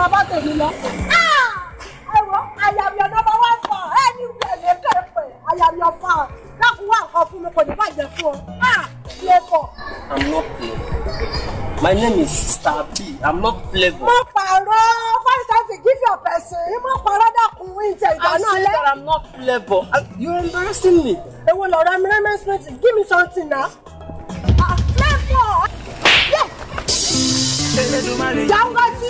bàbá tèmi lọ. Ah! ẹwọ àyàmì ọ̀nà bá wà fà ẹni ìwé kẹ̀pẹ̀ àyàmì ọ̀fà dákun wà nǹkan fún mi kò ní bàjẹ́ fún ọ. lẹ́kọ̀. Ah! I'm not playing. My name is Star B. I'm not playboy. Mo pààrọ̀ five times give your person. Mo pààrọ̀ dákun ìtẹ̀ ìdáná lẹ́. I say that I'm not playboy. You're embarrassing me. Èwo lọ̀rọ̀ mi rẹ́mẹ́sìmẹ́tì? Give me something now. Ah, playboy. Jàǹgọ́sí.